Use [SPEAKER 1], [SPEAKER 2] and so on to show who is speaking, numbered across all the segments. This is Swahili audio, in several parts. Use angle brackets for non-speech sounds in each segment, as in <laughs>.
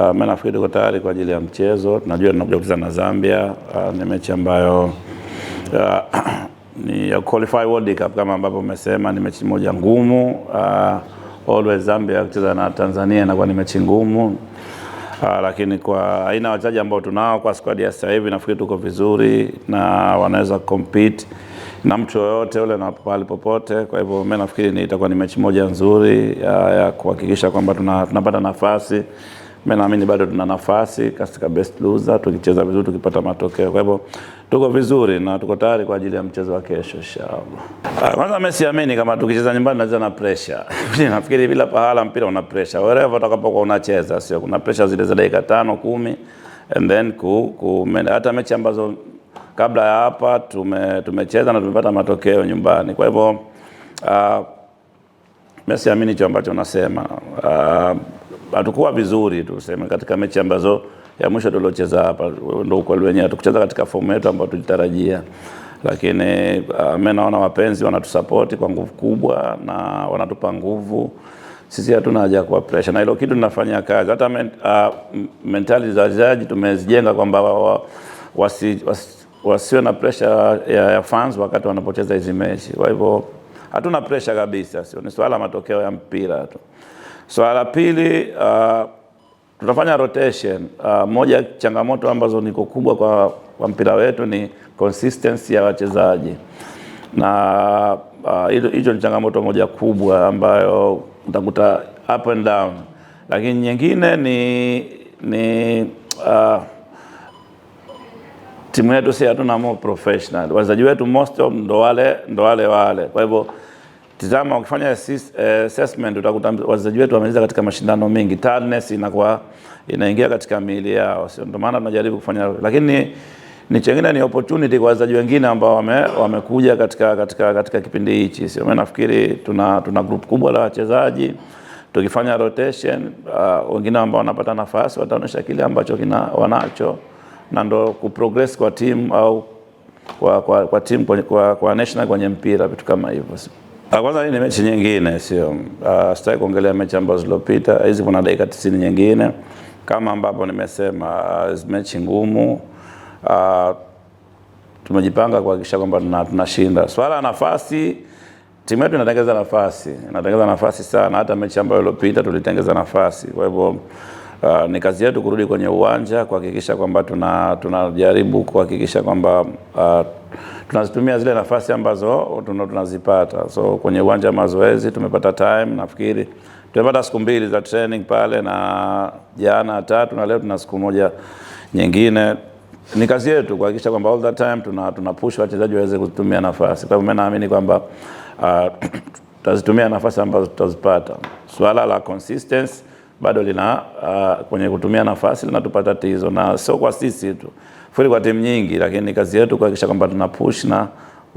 [SPEAKER 1] Uh, mimi nafikiri tuko tayari kwa ajili ya mchezo. Tunajua tunakuja kucheza na Zambia. Uh, ni mechi ambayo uh, <clears throat> ni ya qualify World Cup kama ambavyo umesema, ni mechi moja ngumu. Uh, always Zambia kucheza na Tanzania inakuwa ni mechi ngumu. Uh, lakini kwa aina ya wachezaji ambao tunao kwa squad ya sasa hivi nafikiri tuko vizuri na wanaweza compete na mtu yoyote ule na pale popote. Kwa hivyo mimi nafikiri ni itakuwa ni mechi moja nzuri ya, uh, ya kuhakikisha kwamba tunapata tuna nafasi mimi naamini bado tuna nafasi katika best loser, tukicheza vizuri, tukipata matokeo. Kwa hivyo tuko vizuri na tuko tayari kwa ajili ya mchezo wa kesho inshallah. Ah, kwanza Messi amini kama tukicheza nyumbani tunacheza na pressure. <laughs> Nafikiri bila pahala mpira una pressure. Wewe utakapokuwa unacheza sio kuna pressure zile za dakika tano, kumi and then ku, ku hata mechi ambazo kabla ya hapa tume, tumecheza na tumepata matokeo nyumbani. Kwa hivyo uh, ah, Messi amini hicho ambacho unasema uh, ah, hatukuwa vizuri tuseme, katika mechi ambazo ya mwisho tuliocheza hapa, ndio ukweli wenyewe, hatukucheza katika fomu yetu ambayo tulitarajia, lakini uh, mimi naona wapenzi wanatusapoti kwa nguvu kubwa na wanatupa nguvu sisi hatuna haja ya kuwa pressure na hilo kitu tunafanya kazi. Hata men, uh, mentality za wachezaji tumezijenga kwamba wa, wasi, wasi na pressure ya, ya fans wakati wanapocheza hizi mechi. Kwa hivyo hatuna pressure kabisa, sio ni swala matokeo ya mpira tu. Swala so, la pili uh, tutafanya rotation uh, moja changamoto ambazo niko kubwa kwa, kwa mpira wetu ni consistency ya wachezaji na hicho uh, ni changamoto moja kubwa ambayo utakuta up and down, lakini nyingine ni, ni uh, timu yetu si hatuna more professional wachezaji wetu most of ndo wale ndo wale wale, kwa hivyo Tizama, ukifanya eh, assessment utakuta wachezaji wetu wamaliza katika mashindano mengi, tiredness inakuwa inaingia katika miili yao, sio? ndio maana tunajaribu kufanya, lakini ni chengine ni opportunity kwa wachezaji wengine ambao wame, wamekuja katika, katika, katika kipindi hichi. Sio mimi nafikiri tuna, tuna group kubwa la wachezaji tukifanya rotation uh, wengine ambao wanapata nafasi wataonyesha kile ambacho kina wanacho na ndo kuprogress kwa timu au kwa, kwa, kwa timu kwa, kwa national kwenye mpira vitu kama hivyo. Kwanza hii ni mechi nyingine, sio uh, sitaki kuongelea mechi ambazo zilizopita. Hizi kuna dakika 90 nyingine kama ambapo nimesema, ah, mechi ngumu ah, tumejipanga kuhakikisha kwamba tunashinda. Swala la nafasi, timu yetu inatengeza nafasi, inatengeza nafasi sana. Hata mechi ambayo iliyopita tulitengeza nafasi, kwa hivyo uh, ni kazi yetu kurudi kwenye uwanja kuhakikisha kwamba tunajaribu tuna kuhakikisha kwamba uh, tunazitumia zile nafasi ambazo tunazipata. So kwenye uwanja wa mazoezi tumepata time, nafikiri tumepata siku mbili za training pale, na jana tatu na leo tuna siku moja nyingine. Ni kazi yetu kuhakikisha kwamba all the time tuna, tuna push wachezaji waweze kutumia nafasi, kwa mimi naamini kwamba uh, <clears throat> tutazitumia nafasi ambazo tutazipata. Swala la consistency bado lina uh, kwenye kutumia nafasi linatupa tatizo, na sio kwa sisi tu, fuli, kwa timu nyingi, lakini kazi yetu kuhakikisha kwamba tuna push na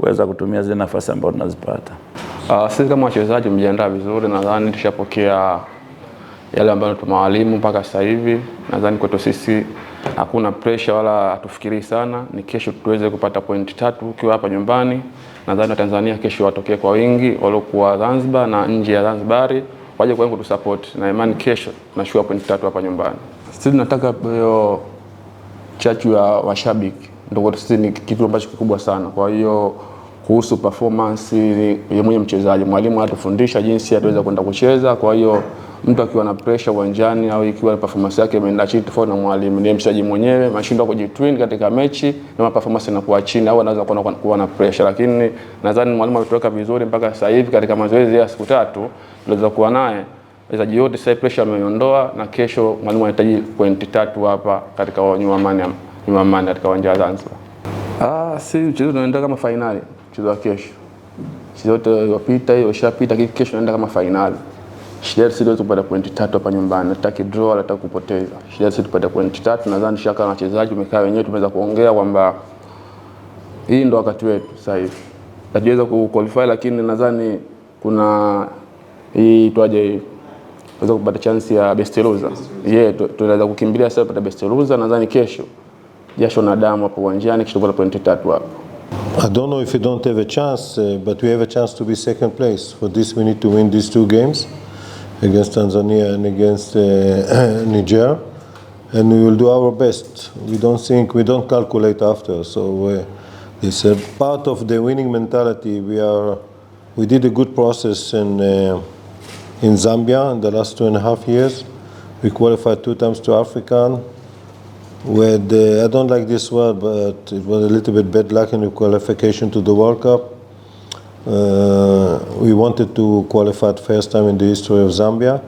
[SPEAKER 1] kuweza kutumia zile nafasi ambazo tunazipata.
[SPEAKER 2] Uh, sisi kama wachezaji mjiandaa vizuri, nadhani tushapokea yale ambayo tumewalimu mpaka sasa hivi. Nadhani kwetu sisi hakuna pressure wala hatufikirii sana, ni kesho tuweze kupata pointi tatu ukiwa hapa nyumbani. Nadhani Watanzania kesho watokee kwa wingi waliokuwa Zanzibar na nje ya Zanzibari waje kwangu support na imani, kesho tunashua point tatu hapa nyumbani. Sisi tunataka hiyo chachu ya washabiki ndio sisi, ni kitu ambacho kikubwa sana. Kwa hiyo kuhusu performance, ya mwenye mchezaji, mwalimu atufundisha jinsi ataweza kwenda kucheza, kwa hiyo mtu akiwa na pressure uwanjani au ikiwa performance yake imeenda chini tofauti na mwalimu, ni mchezaji mwenyewe ameshindwa kujitrain katika mechi na performance inakuwa chini, au anaweza kuwa kuwa na pressure. Lakini nadhani mwalimu ametuweka vizuri mpaka sasa hivi katika mazoezi ya siku tatu tunaweza kuwa naye wachezaji wote sasa pressure ameondoa, na kesho mwalimu anahitaji pointi tatu hapa katika Nyuamani katika uwanja wa Zanzibar. Ah, si mchezo unaenda kama finali, mchezo wa kesho, mchezo wote wapita hiyo ishapita, kesho unaenda kama finali Shida yetu sisi tupata pointi tatu hapa nyumbani. Nataka draw wala nataka kupoteza. Shida yetu tupata pointi tatu. Nadhani shaka na wachezaji tumekaa wenyewe tumeweza kuongea kwamba hii ndo wakati wetu sasa hivi. ku qualify lakini nadhani kuna hii twaje tuweza kupata chance ya best loser. Yeah, tunaweza kukimbilia sasa kupata best loser nadhani kesho. Jasho na damu hapo uwanjani kisha kupata pointi tatu hapo.
[SPEAKER 3] I don't know if you don't have a chance, uh, but we have a chance to be second place. For this we need to win these two games. against Tanzania and against uh, <clears throat> Niger, and we will do our best. We don't think, we don't calculate after. So uh, it's a part of the winning mentality. We are, we did a good process in uh, in Zambia in the last two and a half years. We qualified two times to African. With uh, I don't like this word, but it was a little bit bad luck in the qualification to the World Cup uh, we wanted to qualify first time in the history of Zambia,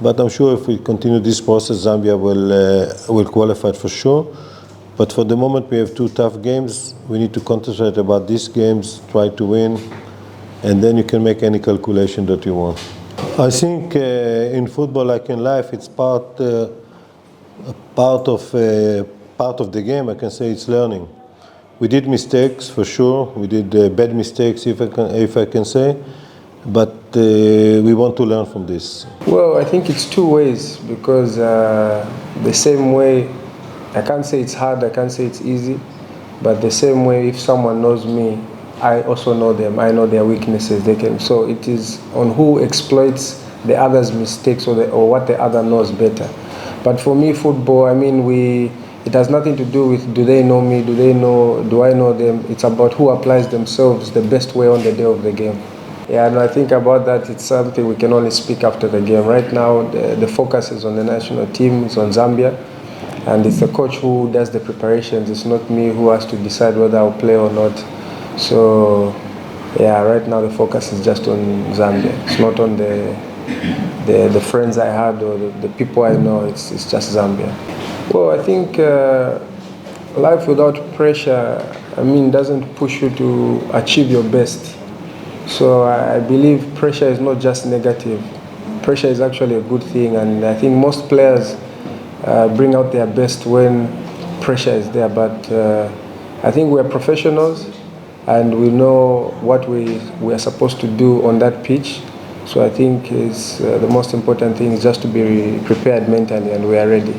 [SPEAKER 3] but I'm sure if we continue this process, Zambia will uh, will qualify for sure. But for the moment, we have two tough games. We need to concentrate about these games, try to win, and then you can make any calculation that you want. I think uh, in football, like in life, it's part uh, part of uh, part of the game. I can say it's learning we did mistakes for sure. We did uh, bad mistakes, if I can, if I can say, but uh, we want to learn from this.
[SPEAKER 4] Well, I think it's two ways because uh, the same way, I can't say it's hard, I can't say it's easy, but the same way, if someone knows me, I also know them. I know their weaknesses. They can. So it is on who exploits the other's mistakes or, the, or what the other knows better. But for me, football, I mean, we it has nothing to do with do they know me, do they know, do I know them. It's about who applies themselves the best way on the day of the game. Yeah, and I think about that, it's something we can only speak after the game. Right now, the, the focus is on the national team, it's on Zambia, and it's the coach who does the preparations. It's not me who has to decide whether I'll play or not. So, yeah, right now the focus is just on Zambia. It's not on the the, the friends I had or the, the people I know. It's, it's just Zambia. Well, I think uh, life without pressure, I mean, doesn't push you to achieve your best. So I believe pressure is not just negative. Pressure is actually a good thing, and I think most players uh, bring out their best when pressure is there. But uh, I think we are professionals, and we know what we we are supposed to do on that pitch. So I think it's uh, the most important thing is just to be prepared mentally, and we are ready.